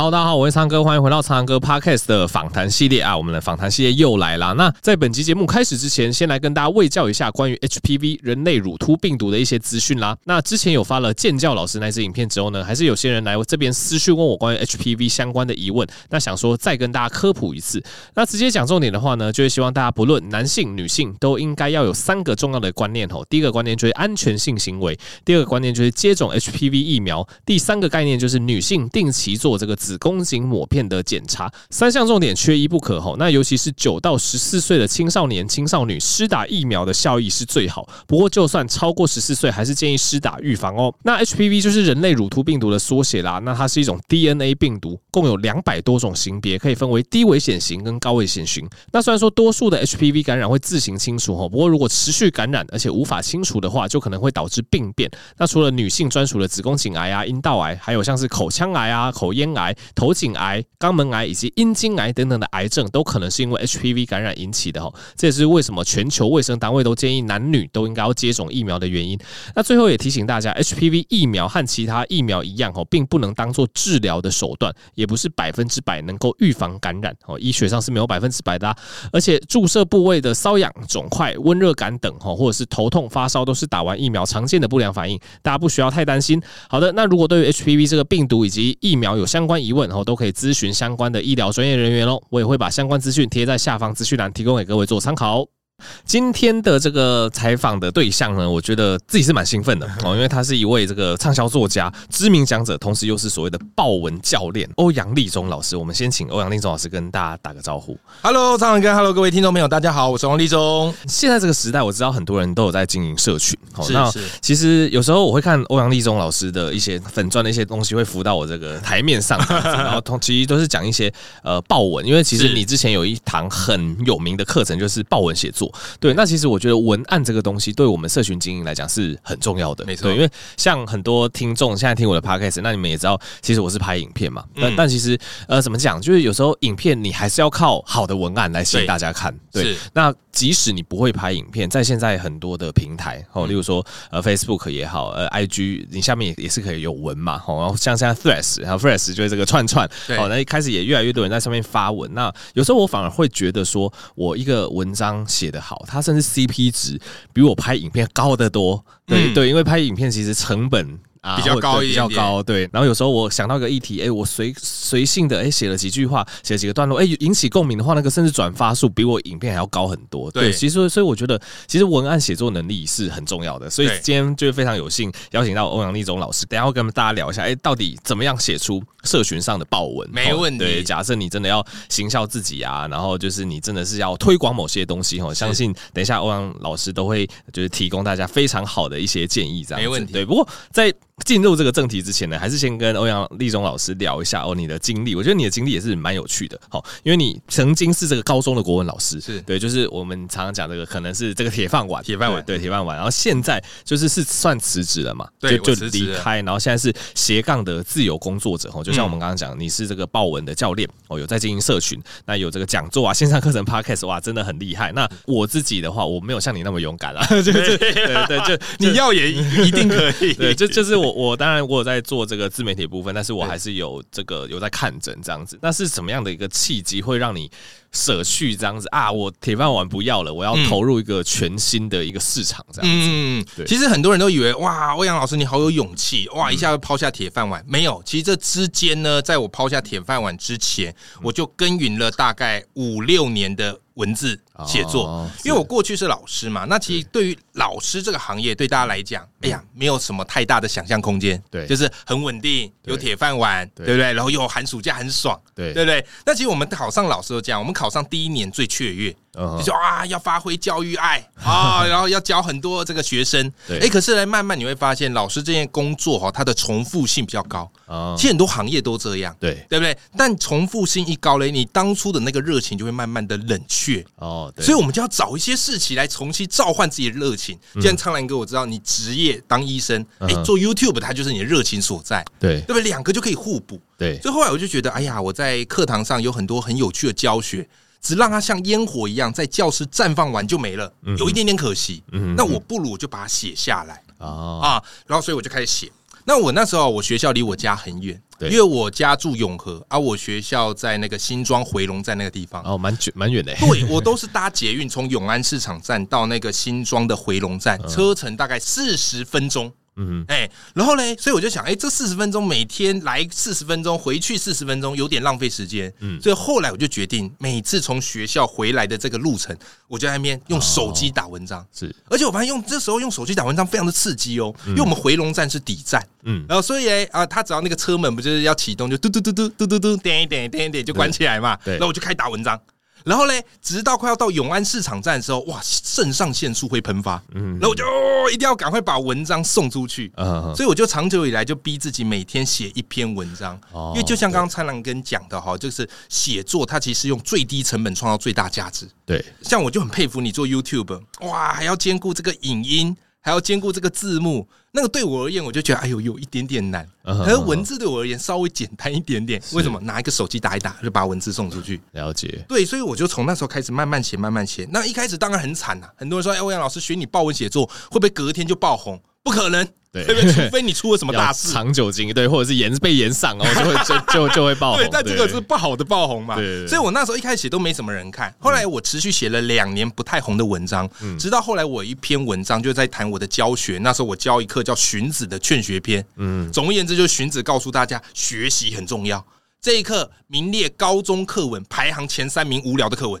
然大家好，我是蒼哥，歡迎回到蒼哥 Podcast 的訪談系列啊！我們的訪談系列又來了。那在本集節目開始之前，先來跟大家衛教一下關於 HPV 人類乳突病毒的一些資訊啦。那之前有發了健教老師那支影片之後呢，還是有些人來我這邊私訊問我關於 HPV 相關的疑問。那想說再跟大家科普一次。那直接講重點的話呢，就是希望大家不論男性、女性，都應該要有三個重要的觀念哦。第一個觀念就是安全性行為，第二個觀念就是接種 HPV 疫苗，第三個概念就是女性定期做這個。子宮頸抹片的檢查，三項重點缺一不可吼、喔。那尤其是九到十四歲的青少年、青少女，施打疫苗的效益是最好。不過，就算超過十四歲，還是建議施打預防哦、喔。那 HPV 就是人類乳突病毒的縮寫啦。那它是一種 DNA 病毒，共有兩百多種型別，可以分為低危險型跟高危險型。那雖然說多數的 HPV 感染會自行清除吼、喔，不過如果持續感染而且無法清除的話，就可能會導致病變。那除了女性專屬的子宮頸癌啊、陰道癌，還有像是口腔癌啊、口咽癌。頭頸癌、肛門癌以及陰莖癌等等的癌症都可能是因為 HPV 感染引起的哈，這也是為什麼全球衛生單位都建議男女都應該要接種疫苗的原因。那最後也提醒大家，HPV 疫苗和其他疫苗一樣哈，並不能當做治療的手段，也不是百分之百能夠預防感染哦。醫學上是沒有百分之百的啊，而且注射部位的瘙癢、腫塊、溫熱感等哈，或者是頭痛、發燒都是打完疫苗常見的不良反應，大家不需要太擔心。好的，那如果對於 HPV 這個病毒以及疫苗有相關，疑問哦，都可以諮詢相關的醫療專業人員哦。我也會把相關資訊貼在下方資訊欄，提供給各位做參考。今天的這個採訪的對象呢，我覺得自己是蠻興奮的哦，因為他是一位這個暢銷作家、知名講者，同時又是所謂的爆文教練歐陽立中老師。我們先請歐陽立中老師跟大家打個招呼。Hello，蒼哥，Hello，各位聽眾朋友，大家好，我是歐陽立中。現在這個時代，我知道很多人都有在經營社群。像是，是。其實有時候我會看歐陽立中老師的一些粉專的一些東西會浮到我這個台面上，然後同其實都是講一些呃爆文，因為其實你之前有一堂很有名的課程就是爆文寫作。對，那其實我覺得文案這個東西，對我們社群經營來講是很重要的，沒錯。因為像很多聽眾現在聽我的 podcast，那你們也知道，其實我是拍影片嘛。嗯、但但其實呃，怎麼講？就是有時候影片你還是要靠好的文案來吸引大家看。對，對，那即使你不會拍影片，在現在很多的平台哦，例如說呃 Facebook 也好，呃 IG，你下面也也是可以有文嘛。好，然後像現在 Threads 然後 Threads 就是這個串串，好，那一開始也越來越多人在上面發文。那有時候我反而會覺得說，我一個文章寫的。好，他甚至 CP 值比我拍影片高得多。對、嗯、對，因為拍影片其實成本，啊、比較高一點點比較高對。然後有時候我想到一個議題，哎、欸，我隨隨性的哎寫、欸、了幾句話，寫了幾個段落，哎、欸、引起共鳴的話，那個甚至轉發數比我影片還要高很多。對，對其實所以我覺得，其實文案寫作能力是很重要的。所以今天就是非常有幸邀請到歐陽立中老師，等下會跟大家聊一下，哎、欸，到底怎麼樣寫出社群上的爆文？沒問題。哦、假設你真的要行銷自己啊，然後就是你真的是要推廣某些東西哦，相信等一下歐陽老師都會就是提供大家非常好的一些建議這樣。沒問題。對，不過在進入這個正題之前呢，還是先跟歐陽立中老師聊一下哦，你的經歷。我覺得你的經歷也是蠻有趣的，好，因為你曾經是這個高中的國文老師，是對，就是我們常常講這個，可能是這個鐵飯碗，鐵飯碗，對，鐵飯碗。然後現在就是是算辭職了嘛，對，就離開，然後現在是斜槓的自由工作者哦，就像我們剛剛講，你是這個爆文的教練哦，有在經營社群，那有這個講座啊，線上課程、podcast 哇，真的很厲害。那我自己的話，我沒有像你那麼勇敢啊、 就是、對對對，就你要也 一定可以，對，就就是我。我，我當然，我有在做這個自媒體部分，但是我還是有這個有在看診這樣子。那是什麼樣的一個契機會讓你？捨去這樣子啊，我鐵飯碗不要了，我要投入一個全新的一個市場這樣子。嗯，對。其實很多人都以為哇，歐陽老師你好有勇氣哇，一下就拋下鐵飯碗。嗯。沒有，其實這之間呢，在我拋下鐵飯碗之前，嗯，我就耕耘了大概五六年的文字寫作。哦。因為我過去是老師嘛，那其實對於老師這個行業，對，對大家來講，哎呀，沒有什麼太大的想象空間。對，就是很穩定，有鐵飯碗對，對不對？然後有寒暑假，很爽，對，對不對？那其實我們考上老師都這樣，我們。考上第一年最雀躍。Uh -huh. 就說啊，要發揮教育愛啊、uh -huh. 哦，然後要教很多這個學生。哎， 可是呢，慢慢你會發現，老師這件工作哈、哦，它的重複性比較高。Uh -huh. 其實很多行業都這樣，對、uh -huh. 對不對？但重複性一高嘞，你當初的那個熱情就會慢慢的冷卻。哦、uh -huh.，所以我們就要找一些事情來重新召喚自己的熱情。Uh -huh. 既然蒼藍鴿我知道你職業當醫生，哎、uh -huh.，做 YouTube 它就是你的熱情所在，對、uh -huh.，對不對？兩個就可以互補。對，所以後來我就覺得，哎呀，我在課堂上有很多很有趣的教學。只讓它像煙火一樣在教室綻放完就沒了，有一點點可惜。那我不如我就把它寫下來啊，然後所以我就開始寫。那我那時候我學校離我家很遠，對，因為我家住永和啊，我學校在那個新莊回龍站那個地方哦，蠻遠蠻遠的。對，我都是搭捷運從永安市場站到那個新莊的回龍站，車程大概四十分鐘。嗯，哎，然後呢，所以我就想，哎，這四十分鐘每天來四十分鐘，回去四十分鐘，有點浪費時間。嗯，所以後來我就決定，每次從學校回來的這個路程，我就在那邊用手機打文章。哦。是，而且我發現用這時候用手機打文章非常的刺激哦。嗯，因為我們迴龍站是底站，嗯，然後所以嘞，欸，啊，他只要那個車門不就是要啟動，就嘟嘟嘟嘟嘟嘟嘟點一點點一點就關起來嘛，對，然後我就開始打文章。然後嘞，直到快要到永安市場站的時候，哇，腎上腺素會噴發，嗯，然後我就、哦、一定要趕快把文章送出去，嗯，所以我就長久以來就逼自己每天寫一篇文章，哦、因為就像剛剛蒼藍鴿跟你講的哈，就是寫作它其實用最低成本創造最大價值，對，像我就很佩服你做 YouTube，哇，還要兼顧這個影音。還要兼顧這個字幕，那個對我而言，我就覺得哎呦有一點點難。可是文字對我而言稍微簡單一點點，為什麼？拿一個手機打一打，就把文字送出去。了解。對，所以我就從那時候開始慢慢寫，慢慢寫。那一開始當然很慘吶，很多人說：“哎，歐陽老師學你爆文寫作，會不會隔天就爆紅？”不可能。對，對，對，除非你出了什麼大事， 長久精，對，或者是炎被炎上哦，就會就就就會爆紅對對。對，但這個是不好的爆紅嘛？對，對。所以我那時候一開始都沒什麼人看，後來我持續寫了兩年不太紅的文章，嗯，直到後來我有一篇文章就在談我的教學。那時候我教一課叫《荀子》的《勸學篇》，嗯，總而言之就是荀子告訴大家學習很重要。這一課，名列高中課文排行前三名，無聊的課文，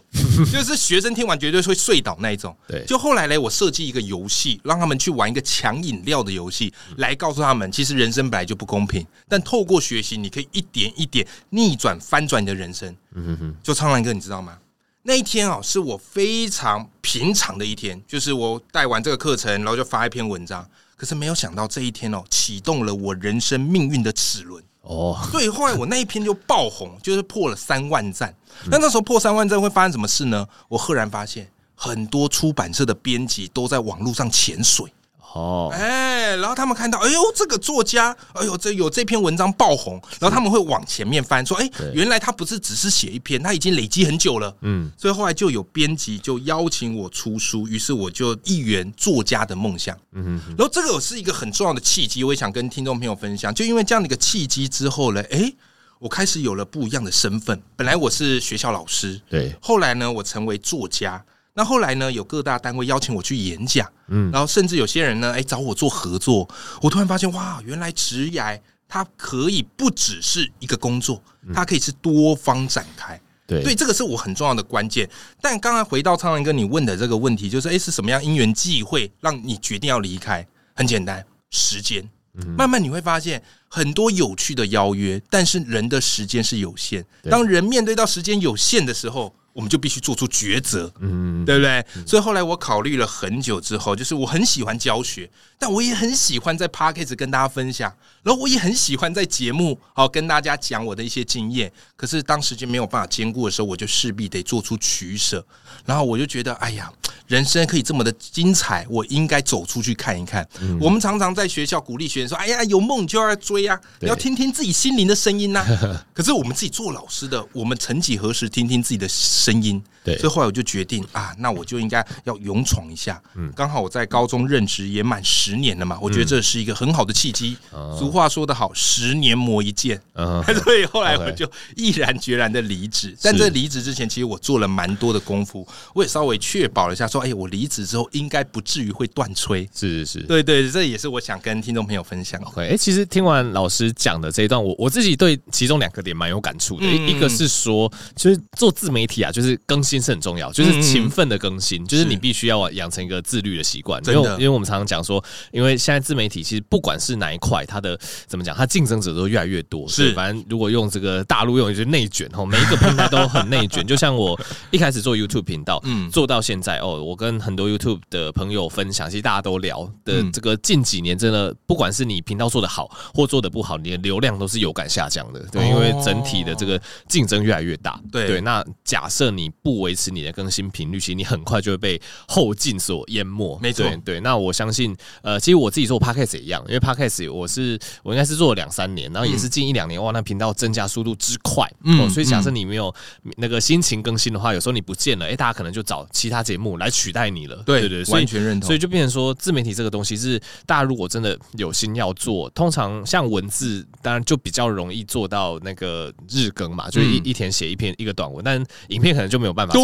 就是學生聽完絕對會睡倒那一種。對，就後來嘞，我設計一個遊戲，讓他們去玩一個搶飲料的遊戲，來告訴他們，其實人生本來就不公平，但透過學習，你可以一點一點逆轉翻轉你的人生。嗯哼哼，就唱完歌，你知道嗎？那一天啊，是我非常平常的一天，就是我帶完這個課程，然後就發一篇文章。可是沒有想到這一天哦，啟動了我人生命運的齒輪哦。所以後來我那一篇就爆紅，就是破了三萬讚。那那時候破三萬讚會發生什麼事呢？我赫然發現，很多出版社的編輯都在網絡上潛水。哦，哎，然後他們看到，哎呦，這個作家，哎呦，這有這篇文章爆紅，然後他們會往前面翻，說，哎，原來他不是只是寫一篇，他已經累積很久了，嗯，所以後來就有編輯就邀請我出書，於是我就一圓作家的夢想，嗯哼哼，然後這個是一個很重要的契機，我也想跟聽眾朋友分享，就因為這樣的一個契機之後呢，哎，我開始有了不一樣的身份，本來我是學校老師，對，後來呢，我成為作家。那後來呢？有各大單位邀請我去演講，嗯，然後甚至有些人呢，哎、欸，找我做合作。我突然發現，哇，原來職涯它可以不只是一個工作，它可以是多方展開。對、嗯，所以這個是我很重要的關鍵。但剛才回到蒼藍鴿你問的這個問題，就是哎、欸，是什麼樣因緣際會讓你決定要離開？很簡單，時間。慢慢你會發現很多有趣的邀約，但是人的時間是有限。當人面對到時間有限的時候。我們就必須做出抉擇，嗯，對不對？所以後來我考慮了很久之後，就是我很喜歡教學，但我也很喜歡在 Podcast 跟大家分享，然後我也很喜歡在節目好、哦、跟大家講我的一些經驗。可是當時間沒有辦法兼顧的時候，我就勢必得做出取舍。然後我就覺得，哎呀。人生可以這麼的精彩，我應該走出去看一看，嗯。我們常常在學校鼓勵學生說：“哎呀，有夢就要來追呀，啊，你要聽聽自己心靈的聲音吶，啊。 ”可是我們自己做老師的，我們曾幾何時聽聽自己的聲音？對。所以後來我就決定啊，那我就應該要勇闖一下。嗯。剛好我在高中任職也滿十年了嘛，我覺得這是一個很好的契機，嗯。俗話說得好，“十年磨一劍”，嗯， 所以後來我就毅然決然的離職。但在離職之前，其實我做了蠻多的功夫，我也稍微確保了一下說。哎，我離職之後應該不至於會斷吹。是是是，對對，對，這也是我想跟聽眾朋友分享。OK，哎、欸，其實聽完老師講的這一段，我我自己對其中兩個點蠻有感觸的。嗯、一個是說，就是做自媒體啊，就是更新是很重要，就是勤奮的更新，嗯、就是你必須要養成一個自律的習慣。真的，因為我們常常講說，因為現在自媒體其實不管是哪一塊，它的怎麼講，它競爭者都越來越多。是，反正如果用這個大陸用一句內卷，每一個平台都很內卷。 就像我一開始做 YouTube 頻道，嗯，做到現在哦。我跟很多 YouTube 的朋友分享，其實大家都聊的這個近幾年，真的不管是你頻道做的好或做的不好，你的流量都是有感下降的，對，哦、因為整體的這個競爭越來越大，對，對，那假設你不維持你的更新頻率，其實你很快就會被後進所淹沒，沒錯。對，那我相信，呃，其實我自己做 Podcast 也一樣，因為 Podcast 我是我應該是做了兩三年，然後也是近一兩年、嗯，哇，那頻道增加速度之快，嗯，喔、所以假設你沒有那個心情更新的話，有時候你不見了，哎、欸，大家可能就找其他節目來。取代你了，對對，對，完全認同。所以就變成說，自媒體這個東西是大家如果真的有心要做，通常像文字，當然就比較容易做到那個日更嘛，就是一、嗯、一天寫一篇一個短文。但影片，可能就沒有辦法，對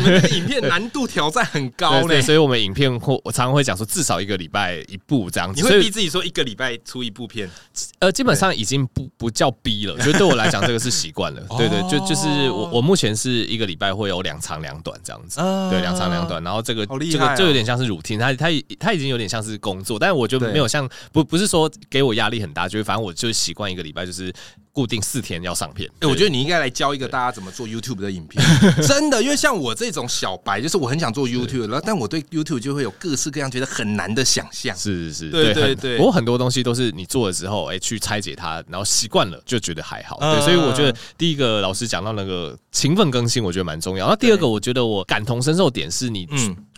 對，對，影片難度挑戰很高嘞。所以我們影片或我常常會講說，至少一個禮拜一部這樣子。你會逼自己說一個禮拜出一部片？呃，基本上已經不不叫逼了，所以對我來講這個是習慣了。 對，對對，就就是我我目前是一個禮拜會有兩長兩短這樣子，啊、對，兩長兩短。然後這個、啊、這個就有點像是 routine，他他他已經有點像是工作，但我我就沒有像不不是說給我壓力很大，就是反正我就習慣一個禮拜就是。固定四天要上片，哎、欸，我覺得你應該來教一個大家怎麼做 YouTube 的影片，真的，因為像我這種小白，就是我很想做 YouTube，然後但我對 YouTube 就會有各式各樣覺得很難的想象，是是是，對對對，我很，很多東西都是你做了之後，哎、欸，去拆解它，然後習慣了就覺得還好，嗯、對，所以我覺得第一個老師講到那個勤奮更新，我覺得蠻重要，那第二個我覺得我感同身受點是你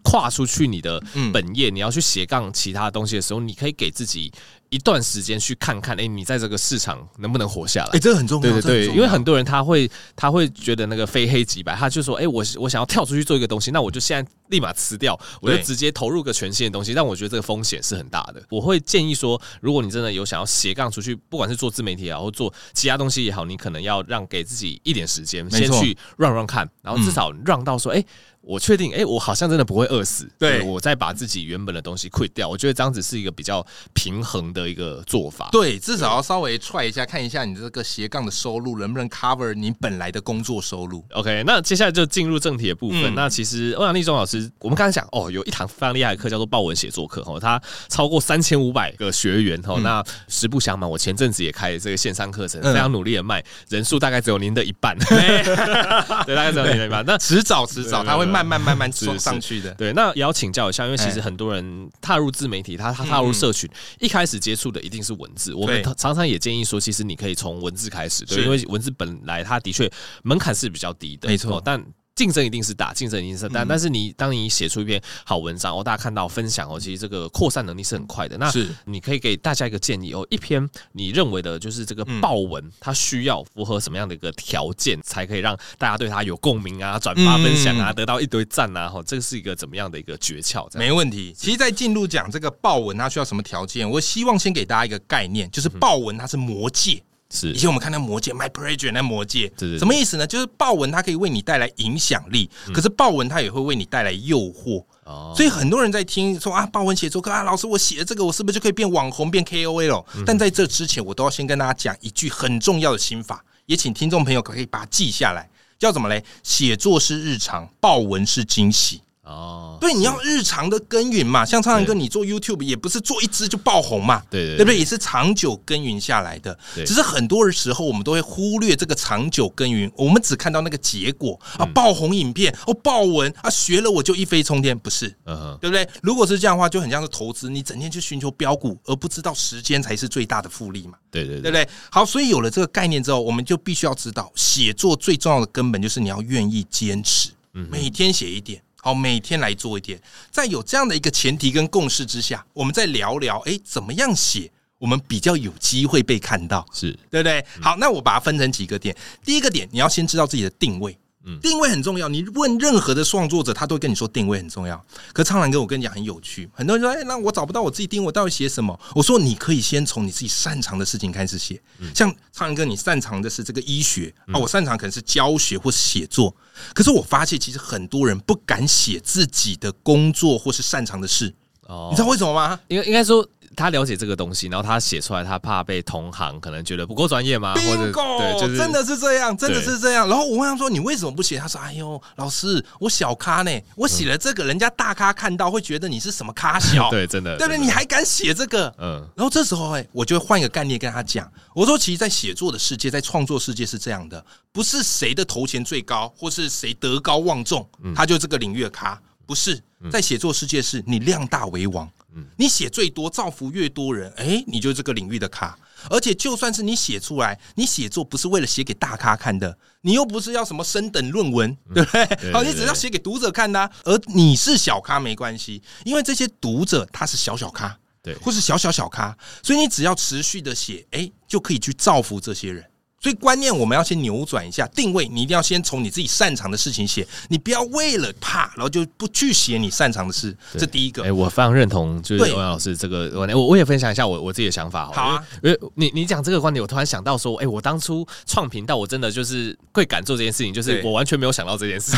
跨出去你的本業，嗯、你要去斜槓其他東西的時候，你可以給自己。一段時間去看看，欸，你在這個市場能不能活下來？欸，這個很重要。對對對，因為很多人他會他會覺得那個非黑即白，他就說，欸，我我想要跳出去做一個東西，那我就現在立馬辭掉，我就直接投入個全新的東西。但我覺得這個風險是很大的。我會建議說，如果你真的有想要斜槓出去，不管是做自媒體也好，或做其他東西也好，你可能要讓給自己一點時間，先去 run run 看，然後至少 run 到說，嗯，欸，我確定，欸，我好像真的不會餓死。對，我再把自己原本的東西 quit 掉。我覺得這樣子是一個比較平衡的一個做法，對，至少要稍微踹一下，看一下你這個斜槓的收入能不能 cover 你本來的工作收入。OK，那接下來就進入正題的部分。嗯、那其實歐陽立中老師，我們剛才講哦，有一堂非常厲害的課叫做爆文寫作課，哦，它超過三千五百個學員，哦，嗯、那實不相瞞，我前陣子也開這個線上課程，非常努力的賣，嗯、人數大概只有您的一半，欸、 對，大概只有您的一半。欸、 那遲早，遲早，遲早，他會慢慢慢慢走上去的是是。對，那也要請教一下，因為其實很多人踏入自媒體，他他踏入社群，嗯、一開始。接觸的一定是文字，我們常常也建議說，其實你可以從文字開始，對，因為文字本來它的確門檻是比較低的，沒錯，但。競爭一定是大，競爭一定是大，嗯、但是你當你寫出一篇好文章哦，大家看到分享哦，其實這個擴散能力是很快的。那是你可以給大家一個建議哦，一篇你認為的就是這個爆文、嗯，它需要符合什麼樣的一個條件、嗯，才可以讓大家對它有共鳴啊，轉發分享啊，嗯、得到一堆讚啊，哈、哦，這個是一個怎麼樣的一個訣竅？沒問題。其實，在進入講這個爆文它需要什麼條件，我希望先給大家一個概念，就是爆文它是魔戒。嗯嗯是，以前我們看那《魔戒》，My precious 那《魔戒》，什麼意思呢？就是爆文它可以為你帶來影響力、嗯，可是爆文它也會為你帶來誘惑啊、嗯。所以很多人在聽說啊，爆文寫作課啊，老師我寫了這個，我是不是就可以變網紅變 KOL？、嗯、但在這之前，我都要先跟大家講一句很重要的心法，也請聽眾朋友可以把它記下來。要怎麼嘞？寫作是日常，爆文是驚喜。哦、oh，對，你要日常的耕耘嘛，像蒼藍鴿，你做 YouTube 也不是做一支就爆紅嘛，對對，對，對，對不對？也是長久耕耘下來的，只是很多的時候我們都會忽略這個長久耕耘，我們只看到那個結果啊、嗯，爆紅影片哦，爆文啊，學了我就一飛沖天，不是，uh -huh. 對不對？如果是這樣的話，就很像是投資，你整天去尋求飆股，而不知道時間才是最大的複利嘛，對對對，對不對？好，所以有了這個概念之後，我們就必須要知道，寫作最重要的根本就是你要願意堅持，嗯、每天寫一點。好，每天來做一點，在有這樣的一個前提跟共識之下，我們再聊聊，哎、欸，怎麼樣寫，我們比較有機會被看到，是對不對？好，那我把它分成幾個點，第一個點，你要先知道自己的定位。定位很重要。你問任何的創作者，他都會跟你說定位很重要。可是蒼藍鴿，我跟你講很有趣。很多人說，哎，那我找不到我自己定位，我到底寫什麼？我說，你可以先從你自己擅長的事情開始寫。像蒼藍鴿，你擅長的是這個醫學啊，我擅長可能是教學或是寫作。可是我發現，其實很多人不敢寫自己的工作或是擅長的事。哦，你知道為什麼嗎？因為應該說。他了解這個東西，然後他寫出來，他怕被同行可能覺得不夠專業嗎？Bingo、就是、真的是這樣，真的是這樣。然後我問他說：“你為什麼不寫？”他說：“哎呦，老師，我小咖呢，我寫了這個，嗯、人家大咖看到會覺得你是什麼咖小， 對，真的，對不對？你還敢寫這個？嗯。然後這時候哎，我就換一個概念跟他講，我說：“其實，在寫作的世界，在創作世界是這樣的，不是誰的頭銜最高，或是誰德高望重，嗯、他就這個領域咖。”不是，在寫作世界是你量大為王，你寫最多，造福越多人，哎、欸，你就這個領域的咖。而且，就算是你寫出來，你寫作不是為了寫給大咖看的，你又不是要什麼升等論文，嗯、對不對，對？好，你只要寫給讀者看吶、啊。而你是小咖沒關係，因為這些讀者他是小小咖，對，或是小小小咖，所以你只要持續的寫，哎、欸，就可以去造福這些人。所以觀念我們要先扭轉一下定位，你一定要先從你自己擅長的事情寫，你不要為了怕，然後就不去寫你擅長的事。這第一個，哎、欸，我非常認同，就是歐陽老師這個，我我我也分享一下我我自己的想法好，好、啊、因為你你講這個觀點，我突然想到說，哎、欸，我當初創頻道，我真的就是會敢做這件事情，就是我完全沒有想到這件事，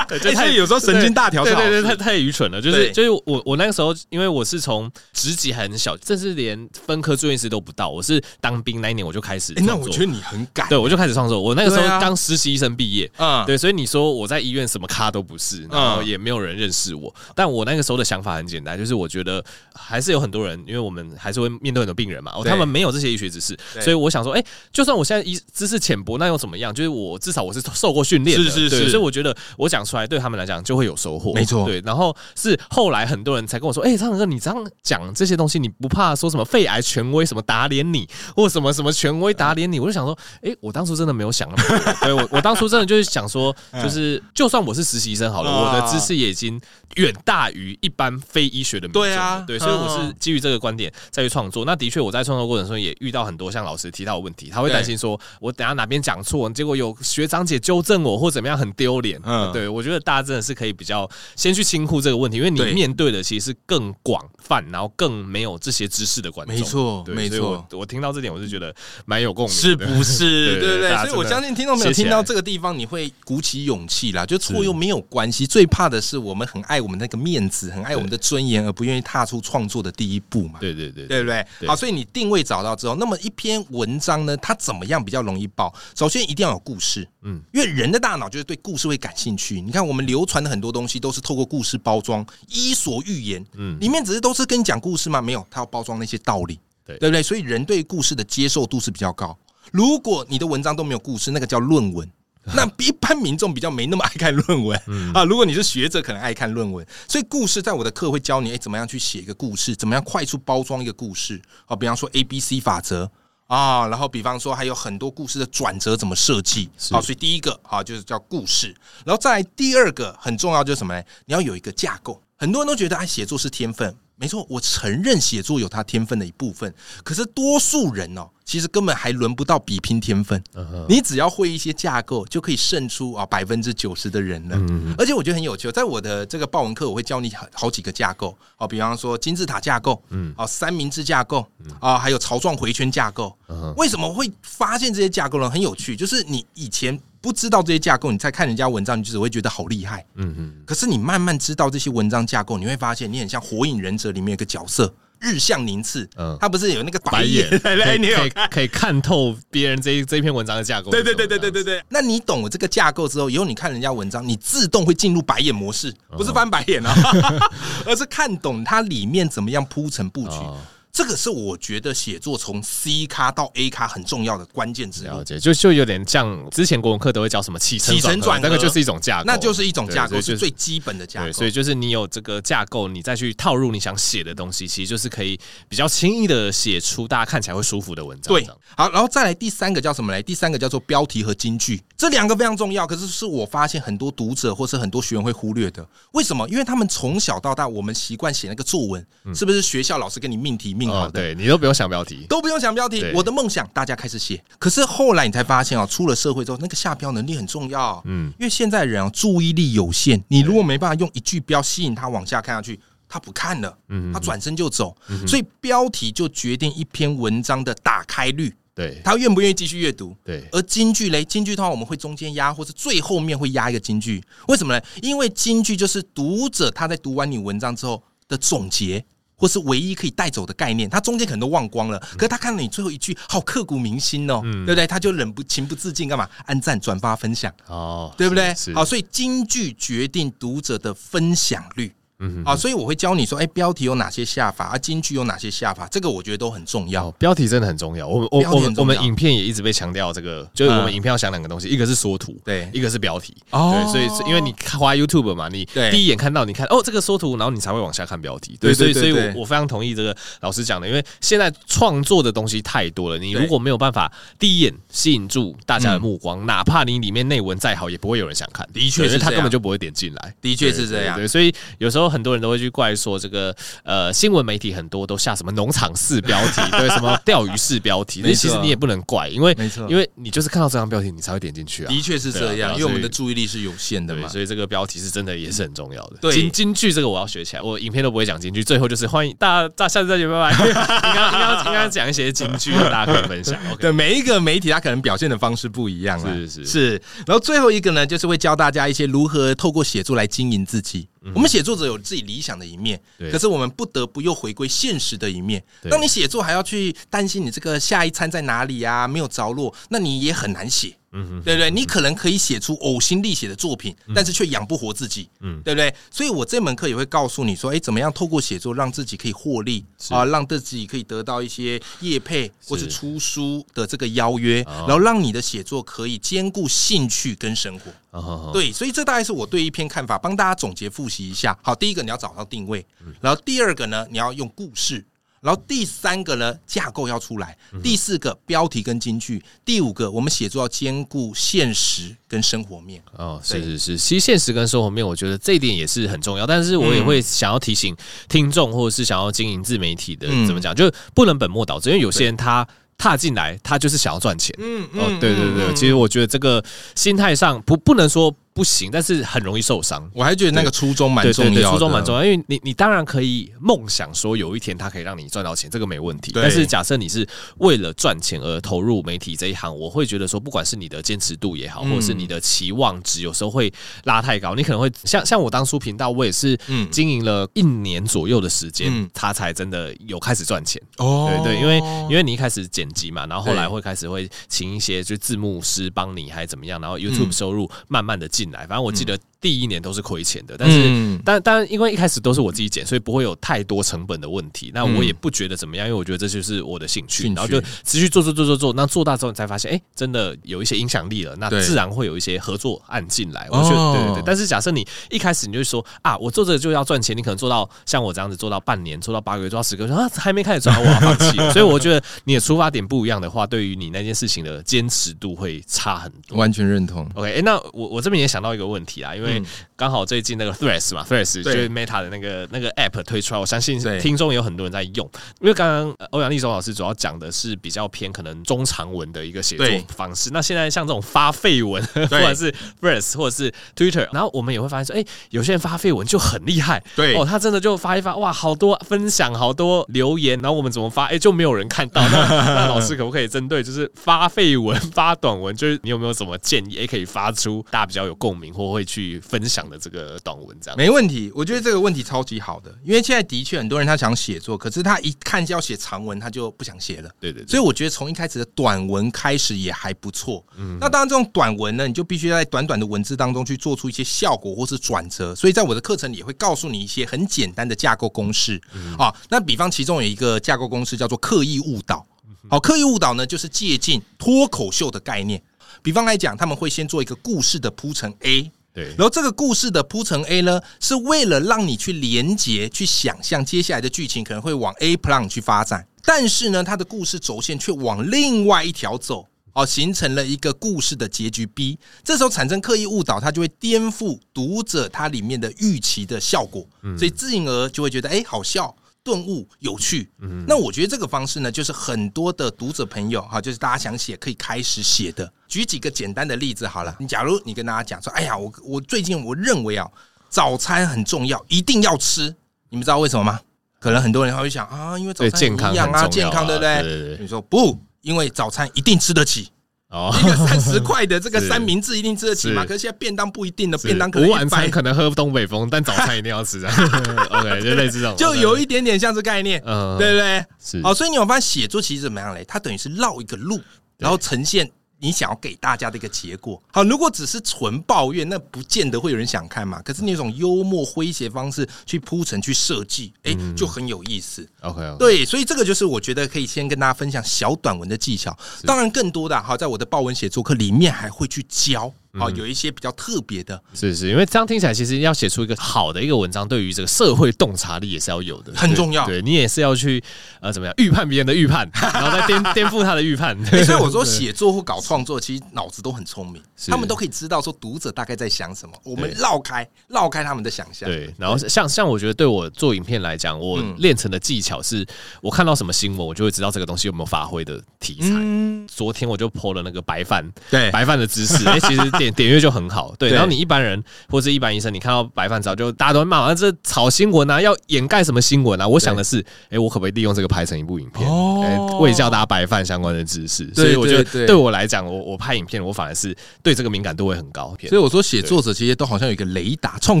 對 就、欸、是有時候神經大條，對，對對對，太太愚蠢了，就是就是我我那個時候，因為我是從職級還很小，甚至連分科住院師都不到，我是當兵那一年我就開始、欸，那我覺得你。很敢，對我就開始創作。我那個時候剛實習醫生畢業、啊，嗯，對，所以你說我在醫院什麼咖都不是，然後也沒有人認識我、嗯。但我那個時候的想法很簡單，就是我覺得還是有很多人，因為我們還是會面對很多病人嘛，哦，他們沒有這些醫學知識，所以我想說，哎、欸，就算我現在醫知識淺薄，那又怎麼樣？就是我至少我是受過訓練，是是是，對，所以我覺得我講出來對他們來講就會有收穫，沒錯。對，然後是後來很多人才跟我說，哎、欸，蒼藍鴿，你這樣講這些東西，你不怕說什麼肺癌權威什麼打臉你，或什麼什麼權威打臉你、嗯，我就想。說，哎、欸，我當初真的沒有想那麼多， 對，我我當初真的就是想說，就是就算我是實習生好了、啊，我的知識也已經遠大於一般非醫學的民眾了對啊，對、嗯，所以我是基於這個觀點再去創作。那的確，我在創作過程中也遇到很多像老師提到的問題，他會擔心說，我等下哪邊講錯，結果有學長姐糾正我或怎麼樣，很丟臉。嗯，對我覺得大家真的是可以比較先去輕忽這個問題，因為你面對的其實是更廣泛，然後更沒有這些知識的觀眾。沒錯，沒錯。我聽到這點，我是覺得蠻有共鳴的。是不不是，對對對，對，所以我相信聽眾沒有聽到這個地方，你會鼓起勇氣啦。就錯又沒有關係，最怕的是我們很愛我們那個面子，很愛我們的尊嚴，而不願意踏出創作的第一步嘛。對對對，對，對，對不對，對？好，所以你定位找到之後，那麼一篇文章呢，它怎麼樣比較容易爆？首先一定要有故事，嗯，因為人的大腦就是對故事會感興趣。你看，我們流傳的很多東西都是透過故事包裝，《伊索寓言》，嗯，裡面只是都是跟你講故事嗎？沒有，它要包裝那些道理，對，對不對，對？所以人對故事的接受度是比較高。如果你的文章都沒有故事，那個叫論文。那一般民眾比較沒那麼愛看論文、嗯、啊。如果你是學者，可能愛看論文。所以故事在我的課會教你，哎、欸，怎麼樣去寫一個故事，怎麼樣快速包裝一個故事啊？比方說 A B C 法則啊，然後比方說還有很多故事的轉折怎麼設計啊。所以第一個啊，就是叫故事，然後再來第二個很重要就是什麼呢？你要有一個架構。很多人都覺得哎，寫作是天分。沒錯，我承認寫作有他天分的一部分，可是多數人哦、喔，其實根本還輪不到比拼天分。Uh -huh. 你只要會一些架構，就可以勝出啊百分之九十的人了。Mm -hmm. 而且我覺得很有趣，在我的這個爆文課，我會教你好好幾個架構啊，比方說金字塔架構，嗯、啊，啊三明治架構，mm -hmm. 啊還有巢狀回圈架構。Uh -huh. 為什麼會發現這些架構呢？很有趣，就是你以前。不知道這些架構，你再看人家文章，你就只會覺得好厲害。嗯嗯。可是你慢慢知道這些文章架構，你會發現你很像《火影忍者》裡面有一個角色日向寧次。嗯。他不是有那個白眼，白眼可以可以，可以看透別人這一這一篇文章的架構。對，對對對對對對對。那你懂這個架構之後，以後你看人家文章，你自動會進入白眼模式，不是翻白眼啊，哦、 而是看懂它裡面怎麼樣鋪陳布局。哦這個是我覺得寫作從 C 咖到 A 咖很重要的關鍵之一，了解就就有點像之前國文課都會教什麼起承轉，起承轉，那個就是一種架構，那就是一種架構，就是、是最基本的架構對，所以就是你有這個架構，你再去套入你想寫的東西，其實就是可以比較輕易的寫出大家看起來會舒服的文章。對，好，然後再來第三個叫什麼嘞？第三個叫做標題和金句，這兩個非常重要，可是是我發現很多讀者或是很多學員會忽略的。為什麼？因為他們從小到大，我們習慣寫那個作文、嗯，是不是學校老師給你命題命？哦、嗯，對你都不用想標題，都不用想標題。對，我的夢想，大家開始寫。可是後來你才發現啊，出了社會之後，那個下標能力很重要。嗯，因為現在人啊，注意力有限，你如果沒辦法用一句標吸引他往下看下去，他不看了，嗯，他轉身就走、嗯。所以標題就決定一篇文章的打開率，對，他願不願意繼續閱讀？對。而金句嘞？金句的話，我們會中間壓，或是最後面會壓一個金句。為什麼呢？因為金句就是讀者他在讀完你文章之後的總結。或是唯一可以帶走的概念，他中間可能都忘光了，嗯、可是他看到你最後一句，好刻骨銘心哦，嗯、對不對？他就忍不情不自禁，幹嘛？按讚、轉發、分享，哦，對不對？好，所以金句決定讀者的分享率。嗯啊，所以我會教你說，哎、欸，標題有哪些下法啊？金句有哪些下法？這個我覺得都很重要。哦、標題真的很重要。我我我我們影片也一直被強調這個，就是我們影片要想兩個東西，一個是縮圖，對，一個是標題，哦、對。所以，因為你花 YouTube 嘛，你第一眼看到，你看哦，這個縮圖，然後你才會往下看標題。對，所以，所以我，我非常同意這個老師講的，因為現在創作的東西太多了，你如果沒有辦法第一眼吸引住大家的目光，嗯、哪怕你裡面內文再好，也不會有人想看。的確是，他根本就不會點進來。的確是這樣對。對，所以有時候。有很多人都會去怪說這個呃新聞媒體很多都下什麼農場式標題。 對，什麼釣魚式標題。那其實你也不能怪，因為沒錯，因為你就是看到這張標題，你才會點進去啊。的確是這樣，啊啊，因為我們的注意力是有限的嘛對，所以這個標題是真的也是很重要的。嗯、對，金句這個我要學起來，我影片都不會講金句。最後就是歡迎大家，大家下次再見，拜拜。剛剛講一些金句，大家可以分享。 okay、對，每一個媒體，他可能表現的方式不一樣啊，是是，是，是。然後最後一個呢，就是會教大家一些如何透過寫作來經營自己。 我們寫作者有自己理想的一面，可是我們不得不又回歸現實的一面。當你寫作還要去擔心你這個下一餐在哪裡啊，沒有着落，那你也很難寫。嗯，對不對？你可能可以寫出嘔心瀝血的作品，但是卻養不活自己，嗯，對不對？所以我這門課也會告訴你說，哎，怎麼樣透過寫作讓自己可以獲利啊，讓自己可以得到一些業配或是出書的這個邀約，然後讓你的寫作可以兼顧興趣跟生活。哦。對，所以這大概是我對一篇看法，幫大家總結複習一下。好，第一個你要找到定位，然後第二個呢，你要用故事。然後第三個呢，架構要出來；第四個標題跟金句；第五個，我們寫作要兼顧現實跟生活面。哦，是是是，其實現實跟生活面，我覺得這一點也是很重要。但是我也會想要提醒聽眾，或者是想要經營自媒體的，怎麼講，就不能本末倒置。因為有些人他踏進來，他就是想要賺錢。嗯嗯，對對對，對，其實我覺得這個心態上不不能說。不行，但是很容易受傷。我還覺得那個初衷蠻重要的。對對對對，初衷蠻重要的，因為你，你當然可以夢想說有一天他可以讓你賺到錢，這個沒問題。但是假設你是為了賺錢而投入媒體這一行，我會覺得說，不管是你的堅持度也好，嗯，或者是你的期望值，有時候會拉太高。你可能會像像我當初頻道，我也是經營了一年左右的時間，他、嗯、才真的有開始賺錢。哦，對對，對，因為因為你一開始剪輯嘛，然後後來會開始會請一些就字幕師幫你，還怎麼樣？然後 YouTube 收入慢慢的進。進來，反正我記得，嗯。第一年都是虧錢的，但是、嗯、但當然，但因為一開始都是我自己剪，所以不會有太多成本的問題。那我也不覺得怎麼樣，嗯、因為我覺得這就是我的興趣，興趣然後就持續做做做做做。那做大之後，你才發現，哎、欸，真的有一些影響力了，那自然會有一些合作案進來。我覺得對對對。但是假設你一開始你就說啊，我做這個就要賺錢，你可能做到像我這樣子，做到半年，做到八個月，做到十個月啊，還沒開始賺，我好放棄。 所以我覺得你的出發點不一樣的話，對於你那件事情的堅持度會差很多。完全認同。OK，、欸、那我我這邊也想到一個問題啊，因為。剛、嗯、好最近那個 Threads 嘛，Threads 就是 Meta 的那個那個 App 推出來，我相信聽眾也有很多人在用。因為剛剛歐陽麗松老師主要講的是比較偏可能中長文的一個寫作方式，那現在像這種發廢文或者是 Threads 或者是 Twitter，然後我們也會發現說，哎、欸，有些人發廢文就很厲害，對哦，他真的就發一發，哇，好多分享，好多留言，然後我們怎麼發，哎、欸，就沒有人看到。那，那老師可不可以針對就是發廢文、發短文，就是你有沒有什麼建議，也、欸、可以發出大家比較有共鳴或會去。分享的這個短文章。沒問題，我覺得這個問題超級好的，因為現在的確很多人他想寫作，可是他一看就要寫長文，他就不想寫了。對對，所以我覺得從一開始的短文開始也還不錯。嗯，那當然，這種短文呢，你就必須在短短的文字當中去做出一些效果或是轉折。所以在我的課程裡也會告訴你一些很簡單的架構公式啊。那比方其中有一個架構公式叫做刻意誤導。好，刻意誤導呢，就是借鏡脫口秀的概念。比方來講，他們會先做一個故事的鋪陳。A。對，然後這個故事的鋪陳 A 呢，是為了讓你去連接、去想象接下來的劇情可能會往 A plan 去發展，但是呢，它的故事軸線卻往另外一條走，哦，形成了一個故事的結局 B。這時候產生刻意誤導，它就會顛覆讀者它裡面的預期的效果，嗯，所以自然而然就會覺得哎，好笑。頓悟有趣、嗯，那我覺得這個方式呢，就是很多的讀者朋友哈，就是大家想寫可以開始寫的。舉幾個簡單的例子好了，你假如你跟大家講說，哎呀，我我最近我認為啊、哦，早餐很重要，一定要吃。你們知道為什麼嗎？可能很多人他會想啊，因為早餐很營養啊，啊，健康對不對，對，對，對？你說不，因為早餐一定吃得起。一個三十塊的這個三明治一定吃得起嘛？可是現在便當不一定的便當，可能我晚餐可能喝東北風，但早餐一定要吃啊。 k、okay, 就類似這種，就有一點點像這概念，嗯，對不對,對？是。哦，所以你有,有發現寫作其實怎麼樣嘞？它等於是繞一個路，然後呈現。你想要給大家的一個結果，好，如果只是純抱怨，那不見得會有人想看嘛。可是那種幽默詼諧方式去鋪陳、去設計，哎，就很有意思。OK，對，所以這個就是我覺得可以先跟大家分享小短文的技巧。當然，更多的哈、啊，在我的爆文寫作課裡面還會去教。哦，有一些比較特別的、嗯，是是因為這樣聽起來，其實要寫出一個好的一個文章，對於這個社會洞察力也是要有的，很重要。對你也是要去呃怎麼樣預判別人的預判，然後再顛顛 覆他的預判。所以、欸、我說寫作或搞創作，其實腦子都很聰明，他們都可以知道說讀者大概在想什麼。我們繞開繞開他們的想象。對，然後像像我覺得對我做影片來講，我練成的技巧是、嗯，我看到什麼新聞，我就會知道這個東西有沒有發揮的題材、嗯。昨天我就 po 了那個白飯，對白飯的知識，哎、欸，其實。點閱就很好，對。然後你一般人或者一般醫生，你看到白飯之後，就大家都會罵，反正這炒新聞啊，要掩蓋什麼新聞啊？我想的是，哎，我可不可以利用這個拍成一部影片？哎，為教大家白飯相關的知識。所以我覺得，對我來講，我我拍影片，我反而是對這個敏感度會很高。所以我說，寫作者其實都好像有一個雷達，創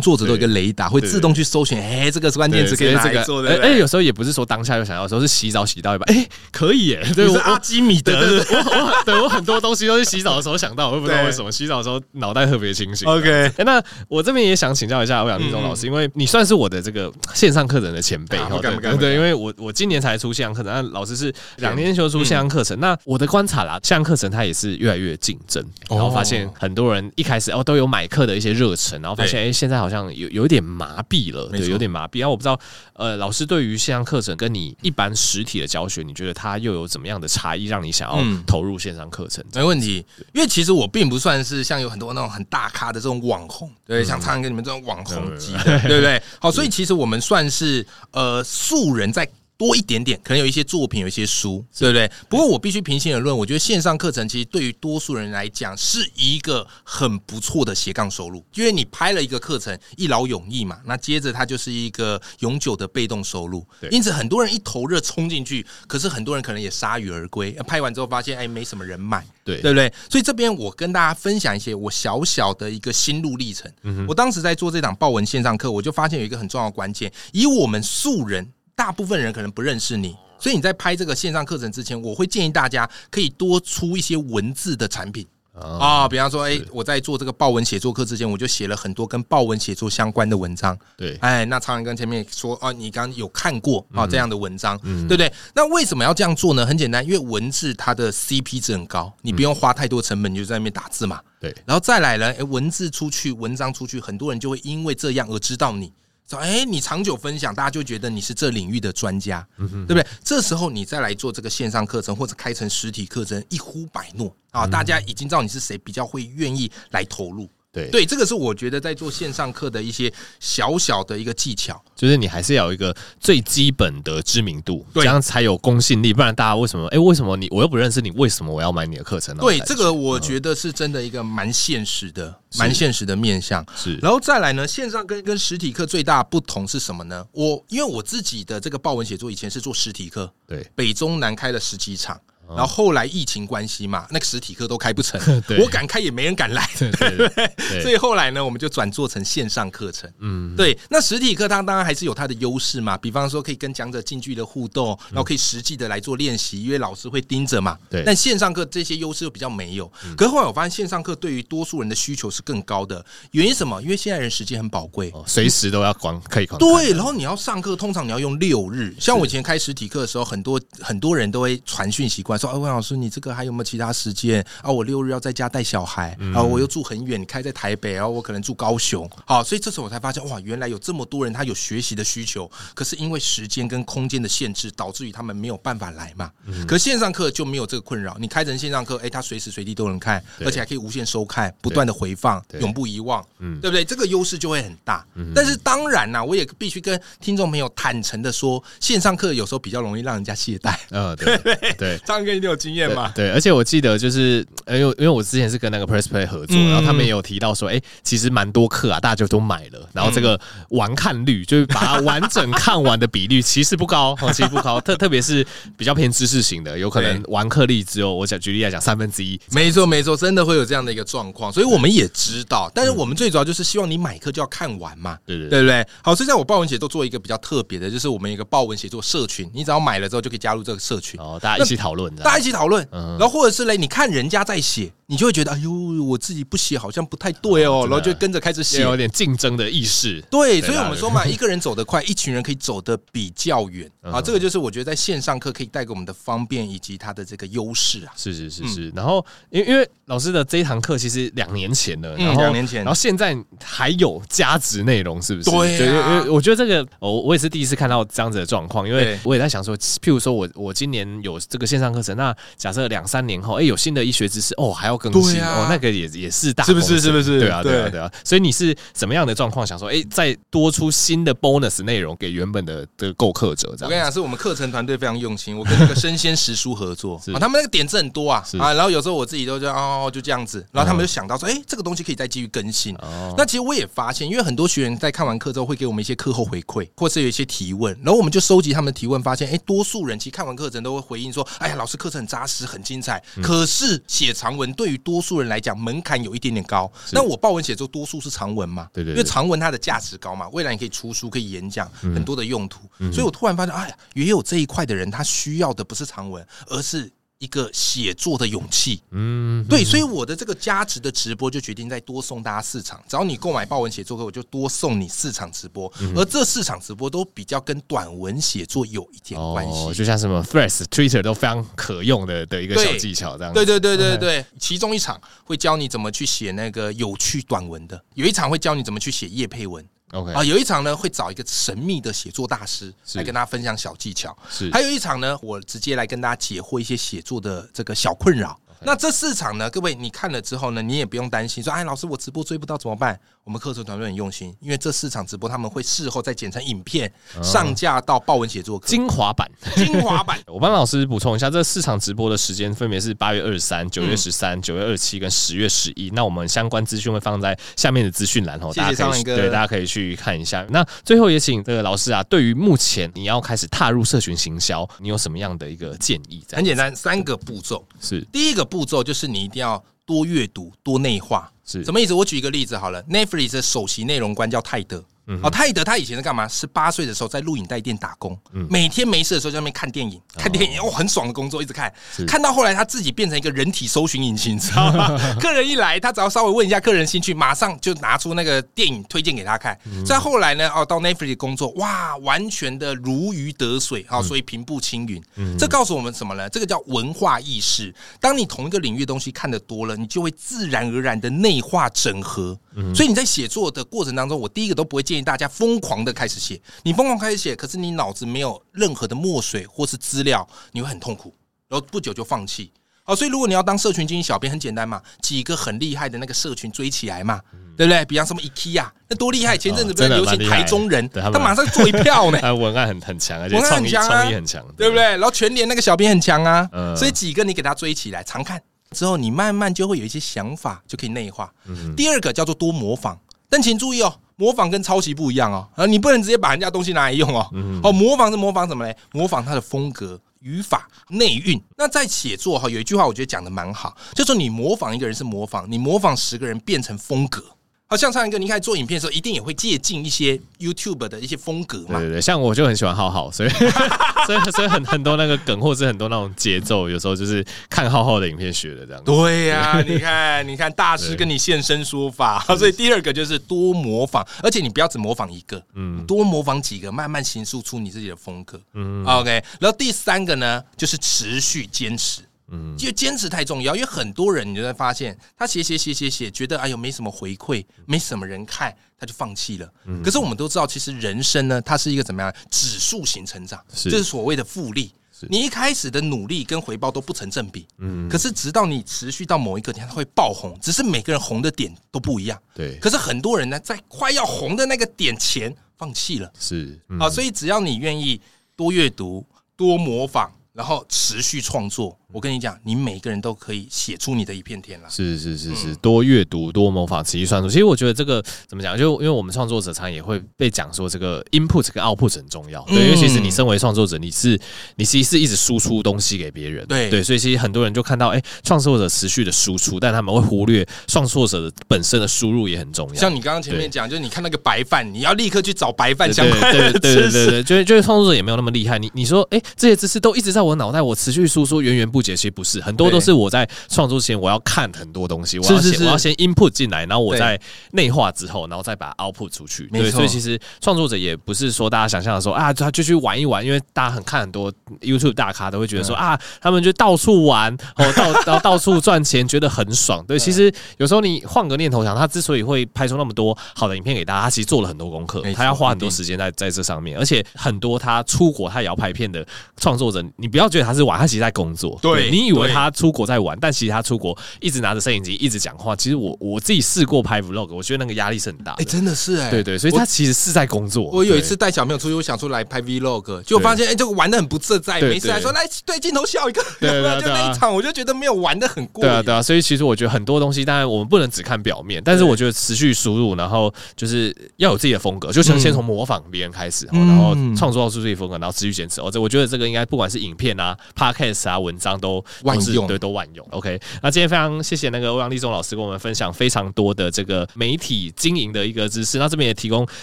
作者都有一個雷達，會自動去搜尋，哎，這個關鍵詞可以這個。哎，有時候也不是說當下就想到，有時候是洗澡洗到一半，哎，可以哎、欸，對，我阿基米德。我我，我對，對，對，對，對，對，對我很多東西都是洗澡的時候想到，我也不知道為什麼洗澡的時候。我腦袋特別清醒。OK，欸、那我這邊也想請教一下歐陽立中老師，嗯嗯，因為你算是我的這個線上課程的前輩、啊，對，不敢不敢不敢，對？因為我我今年才出線上課程，那老師是兩年前就出線上課程、嗯。那我的觀察啦、啊，線上課程它也是越來越競爭、嗯，然後發現很多人一開始哦都有買課的一些熱忱，然後發現哎現在好像有有一點麻痹了，對，有點麻痹。然後、啊、我不知道，呃，老師對於線上課程跟你一般實體的教學，你覺得它又有怎麼樣的差異，讓你想要投入線上課程、嗯？沒問題，因為其實我並不算是像。有很多那種很大咖的這種網紅，對，嗯、想唱給你們這種網紅級的，對不對，對？好，所以其實我們算是呃素人在。多一點點，可能有一些作品，有一些書，對不對？對。不過我必須平心而論，我覺得線上課程其實對於多數人來講是一個很不錯的斜槓收入，因為你拍了一個課程，一勞永逸嘛。那接着它就是一個永久的被動收入。對，因此很多人一頭熱衝進去，可是很多人可能也鎩羽而歸。拍完之後發現，哎，沒什麼人買，對對不對？所以這邊我跟大家分享一些我小小的一個心路歷程。嗯。我當時在做這檔爆文線上課，我就發現有一個很重要的關鍵，以我們素人。大部分人可能不認識你，所以你在拍這個線上課程之前，我會建議大家可以多出一些文字的產品啊、哦哦，比方說，哎，我在做這個爆文寫作課之前，我就寫了很多跟爆文寫作相關的文章、哎。對，哎，那蒼藍鴿前面說，哦，你剛剛有看過啊、哦、這樣的文章、嗯，對不對，對？那為什麼要這樣做呢？很簡單，因為文字它的 CP 值很高，你不用花太多成本，你就在那邊打字嘛。對，然後再來了，哎，文字出去，文章出去，很多人就會因為這樣而知道你。誒、欸、哎，你長久分享，大家就覺得你是這領域的專家、嗯，對不對？這時候你再來做這個線上課程，或者開成實體課程，一呼百諾啊、嗯，大家已經知道你是誰，比較會願意來投入。對，對這個是我覺得在做線上課的一些小小的一個技巧，就是你還是要有一個最基本的知名度，這樣才有公信力，不然大家為什麼？哎、欸，為什麼你我又不認識你？為什麼我要買你的課程呢？對，這個我覺得是真的一個蠻現實的，蠻、嗯、現實的面向。是，然後再來呢，線上跟跟實體課最大的不同是什麼呢？我因為我自己的這個爆文寫作以前是做實體課，對，北中南開了十幾場。然後後來疫情關係嘛，那個實體課都開不成，我敢開也沒人敢來，對對對對，所以後來呢，我們就轉做成線上課程。嗯，對。那實體課它當然還是有它的優勢嘛，比方說可以跟講者近距離的互動，然後可以實際的來做練習，因為老師會盯着嘛。對、嗯。但線上課這些優勢又比較沒有。可是後來我發現，線上課對於多數人的需求是更高的。原因什麼？因為現在人時間很寶貴，哦、隨時都要關，可以考。對。然後你要上課，通常你要用六日。像我以前開實體課的時候，很多很多人都會傳訊習慣。說，哎、啊，溫老師，你這個還有沒有其他時間啊？我六日要在家帶小孩，嗯，啊，我又住很遠，你開在台北，啊，我可能住高雄，好，所以這時候我才發現，哇，原來有這麼多人，他有學習的需求，可是因為時間跟空間的限制，導致於他們沒有辦法來嘛。嗯。可是線上課就沒有這個困擾，你開成線上課，哎、欸，他隨時隨地都能看，而且還可以無限收看，不斷的回放，永不遺忘，嗯，對不對？這個優勢就會很大。嗯。但是當然呢、啊，我也必須跟聽眾朋友坦誠的說，線上課有時候比較容易讓人家懈怠。嗯、哦，對 對，對一定有經驗嘛對？對，而且我記得就是，因為因為我之前是跟那個 Pressplay 合作，嗯、然後他們也有提到說，哎、欸，其實蠻多課啊，大家就都買了。然後這個完看率，就是把它完整看完的比率， 其實不高、嗯，其實不高。特特別是比較偏知識型的，有可能完課率只有，我想舉例來講，三分之一。沒錯，沒錯，真的會有這樣的一個狀況。所以我們也知道，但是我們最主要就是希望你買課就要看完嘛，對對對，對不對？好，所以在我爆文寫作做一個比較特別的，就是我們一個爆文寫作社群，你只要買了之後就可以加入這個社群，哦，大家一起討論。大家一起討論，然後或者是嘞，你看人家在寫、嗯，你就會覺得哎呦，我自己不寫好像不太對哦，對啊、然後就跟着開始寫，有點競爭的意識。對，所以我們說嘛，一個人走得快， 一群人可以走得比較遠啊、嗯。好，這個就是我覺得在線上課可以帶給我們的方便以及它的這個優勢。啊。是是是是。嗯、然後，因因為老師的這一堂課其實兩年前了，嗯、然後兩年前，然後現在還有加值內容是不是？對，啊、對，對，對。我覺得這個，我我也是第一次看到這樣子的狀況，因為我也在想說，譬如說我我今年有這個綫上課。那假設兩三年後，哎、欸，有新的醫學知識，哦，還要更新，啊、哦，那個也也是大，是不是？是不是？對啊對，對啊，對啊。所以你是怎麼樣的狀況？想說，哎、欸，再多出新的 bonus 內容給原本的這個購課者？這樣，我跟你講，是我們課程團隊非常用心。我跟那個生鮮時書合作、 啊，他們那個點子很多啊，是啊。然後有時候我自己都就哦，就這樣子。然後他們就想到說，哎、嗯欸，這個東西可以再繼續更新、哦。那其實我也發現，因為很多學員在看完課之後會給我們一些課後回饋，或是有一些提問。然後我們就收集他們的提問，發現，哎、欸，多數人其實看完課程都會回應說，哎呀，老師。課程很扎實，很精彩、嗯。可是寫長文對於多數人來講，門檻有一點點高。那我爆文寫作多數是長文嘛？對,對對，因為長文它的價值高嘛，未來你可以出書，可以演講、嗯，很多的用途。所以我突然發現，哎、嗯、呀、啊，也有這一塊的人，他需要的不是長文，而是。一個寫作的勇氣，嗯，對，所以我的這個加值的直播就決定再多送大家四場，只要你購買爆文寫作課，我就多送你四場直播、嗯，而這四場直播都比較跟短文寫作有一點關係、哦，就像什麼 Threads Twitter 都非常可用的的一個小技巧這樣對，對對對對對、okay，其中一場會教你怎麼去寫那個有趣短文的，有一場會教你怎麼去寫業配文。Okay. 啊，有一場呢會找一個神秘的寫作大師來跟大家分享小技巧，是還有一場呢，我直接來跟大家解惑一些寫作的這個小困擾。Okay. 那這四場呢，各位你看了之後呢，你也不用擔心說，哎，老師我直播追不到怎麼辦？我們課程團隊很用心，因為這四場直播他們會事後再剪成影片、嗯、上架到爆文寫作課精華版。精華版， 我幫老師補充一下，這四場直播的時間分別是八月二十三、九月十三、九月二十七跟十月十一。那我們相關資訊會放在下面的資訊欄哦，謝謝尚一哥，對大家可以去看一下。那最後也請這個老師啊，對於目前你要開始踏入社群行銷，你有什麼樣的一個建議？很簡單，三個步驟是第一個步驟就是你一定要。多閱讀，多內化，是什麼意思？我舉一個例子好了，Netflix 的首席內容官叫泰德。哦、嗯，泰德他以前是幹嘛？十八歲的時候在錄影帶店打工、嗯，每天沒事的時候在那邊看電影，看電影哦，哦，很爽的工作，一直看，看到後來他自己變成一個人體搜尋引擎，你知道嗎？ 客人一來，他只要稍微問一下客人興趣，馬上就拿出那個電影推薦給他看。再、嗯、後來呢，哦，到 Netflix 工作，哇，完全的如魚得水好，哦、所以平步青雲。嗯，這告訴我們什麼呢？這個叫文化意識。當你同一個領域的東西看得多了，你就會自然而然的內化整合，嗯。所以你在寫作的過程當中，我第一個都不會介。建議大家瘋狂的開始寫，你瘋狂開始寫，可是你腦子沒有任何的墨水或是資料，你會很痛苦，然後不久就放棄。哦，所以如果你要當社群經營小編，很簡單嘛，幾個很厲害的那個社群追起來嘛，對不對？比方什麼一 key 啊，那多厲害！前陣子不是流行台中人，他馬上做一票呢、欸。文案很很強，而且創意創很強，對不對？然後全年那個小編很強啊，所以幾個你給他追起來，常看之後，你慢慢就會有一些想法，就可以內化。第二個叫做多模仿，但請注意哦。模仿跟抄襲不一樣哦，啊，你不能直接把人家東西拿來用哦，嗯。哦，模仿是模仿什麼嘞？模仿他的風格、語法、內蘊。那在寫作哈，哦，有一句話我覺得講的蠻好，就是說你模仿一個人是模仿，你模仿十個人變成風格。好像上一個，你看，看做影片的時候，一定也會借鑑一些 YouTube 的一些風格嘛。對對對，像我就很喜歡浩浩，所以 所以所以很很多那個梗，或者是很多那種節奏，有時候就是看浩浩的影片學的這樣。對呀、啊，對你看你看大師跟你現身說法，所以第二個就是多模仿，而且你不要只模仿一個，嗯，多模仿幾個，慢慢形塑出你自己的風格。嗯。OK，然後第三個呢，就是持續堅持。嗯，因為堅持太重要，因為很多人你就會發現，他寫寫寫寫寫，覺得哎呦沒什麼回饋，沒什麼人看，他就放棄了。嗯，可是我們都知道，其實人生呢，它是一個怎麼樣指數型成長，是就是所謂的複利。是你一開始的努力跟回報都不成正比。嗯，可是直到你持續到某一個點，它會爆紅，只是每個人紅的點都不一樣。對，可是很多人呢，在快要紅的那個點前放棄了。是、嗯、啊，所以只要你願意多閱讀、多模仿，然後持續創作。我跟你講，你每一個人都可以寫出你的一片天啦。是是是是，嗯、多閱讀，多模仿，持續創作。其實我覺得這個怎麼講？就因為我們創作者常常也會被講說，這個 input 跟 output 很重要。對，嗯、因為其實你身為創作者，你是你其實是一直輸出東西給別人。對對，所以其實很多人就看到，哎、欸，創作者持續的輸出，但他們會忽略創作者的本身的輸入也很重要。像你剛剛前面講，就是你看那個白飯，你要立刻去找白飯相關的知識。對對對對對，就是就是創作者也沒有那麼厲害。你你說，哎、欸，這些知識都一直在我腦袋，我持續輸出，源源不。其實不是，很多都是我在創作前我要看很多東西，我要是是是我要先 input 進來，然後我在內化之後，然後再把它 output 出去。對，所以其實創作者也不是說大家想象的說啊，他就去玩一玩，因為大家很看很多 YouTube 大咖都會覺得說啊，他們就到處玩，然後然後到處賺錢， 覺得很爽。對，其實有時候你換個念頭想，他之所以會拍出那麼多好的影片給大家，他其實做了很多功課，他要花很多時間在在這上面，而且很多他出國他要拍片的創作者，你不要覺得他是玩，他其實在工作。對。對，你以為他出國在玩，但其實他出國一直拿着攝影機一直講話。其實我我自己試過拍 vlog，我覺得那個壓力是很大。哎、欸，真的是哎、欸，對，對對，所以他其實是在工作。我，我有一次帶小朋友出去，我想出來拍 vlog，就發現哎，這、欸、個玩的很不自在。沒事還說，說來對鏡頭笑一個。對不啊有沒有，就那一場，我就覺得沒有玩的很過。對啊，啊、對啊，所以其實我覺得很多東西，當然我們不能只看表面。但是我覺得持續輸入，然後就是要有自己的風格，就是先從模仿別人開始，嗯、然後創作出自己風格，然後持續堅持。哦、嗯，這我覺得這個應該不管是影片啊、podcast 啊、文章。都,都萬用對，都萬用。OK，那今天非常謝謝那個歐陽立中老師跟我們分享非常多的這個媒體經營的一個知識。那這邊也提供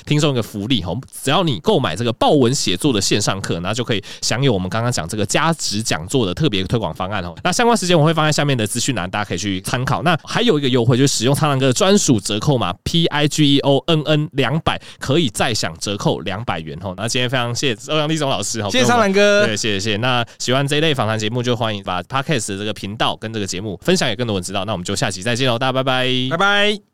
聽眾一個福利哈、哦，只要你購買這個爆文寫作的線上課，那就可以享有我們剛剛講這個加值講座的特別推廣方案哦。那相關時間我會放在下面的資訊欄，大家可以去參考。那還有一個優惠就是使用蒼藍鴿專屬折扣碼 P I G E O N N 兩百，可以再享折扣兩百元哦。那今天非常謝謝歐陽立中老師，謝謝蒼藍鴿，對，謝謝謝。那喜歡這一類訪談節目就歡迎。把 Podcast 的這個頻道跟這個節目分享給更多人知道，那我們就下期再見嘍，大家拜拜，拜拜。